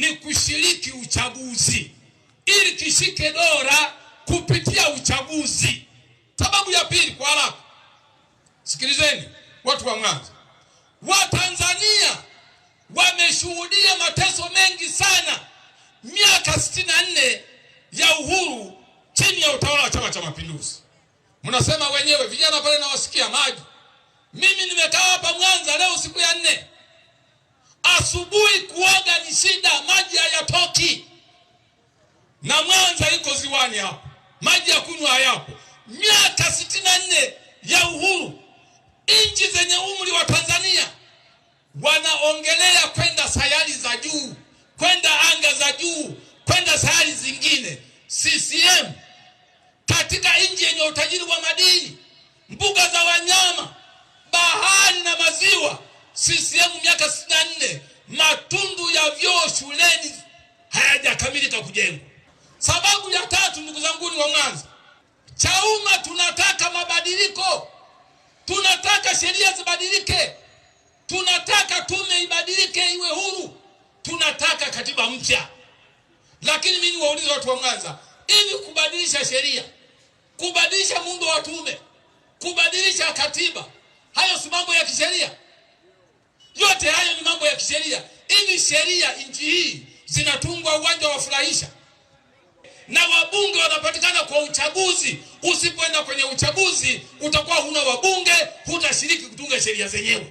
ni kushiriki uchaguzi ili kishike dola kupitia uchaguzi. Sababu ya pili, kwa haraka sikilizeni, watu wa Mwanza, Watanzania wameshuhudia mateso mengi sana miaka nne ya uhuru chini ya utawala wa Chama cha Mapinduzi. Mnasema wenyewe vijana pale, nawasikia maji. Mimi nimekaa hapa Mwanza leo siku ya nne asubuhi Mwanza iko ziwani hapo, maji ya kunywa hayapo. Miaka sitini na nne ya uhuru, nchi zenye umri wa Tanzania wanaongelea kwenda sayari za juu, kwenda anga za juu, kwenda sayari zingine. CCM katika nchi yenye utajiri wa madini, mbuga za wanyama, bahari na maziwa, CCM miaka sitini na nne matundu ya vyoo shuleni hayajakamilika kujengwa. Sababu ya tatu, ndugu zangu wa Mwanza, Chauma tunataka mabadiliko, tunataka sheria zibadilike, tunataka tume ibadilike iwe huru, tunataka katiba mpya. Lakini mimi niwaulize watu wa Mwanza, ili kubadilisha sheria, kubadilisha muundo wa tume, kubadilisha katiba, hayo si mambo ya kisheria? Yote hayo ni mambo ya kisheria. Ili sheria nchi hii zinatungwa uwanja wa furahisha na wabunge wanapatikana kwa uchaguzi. Usipoenda kwenye uchaguzi utakuwa huna wabunge, hutashiriki kutunga sheria zenyewe.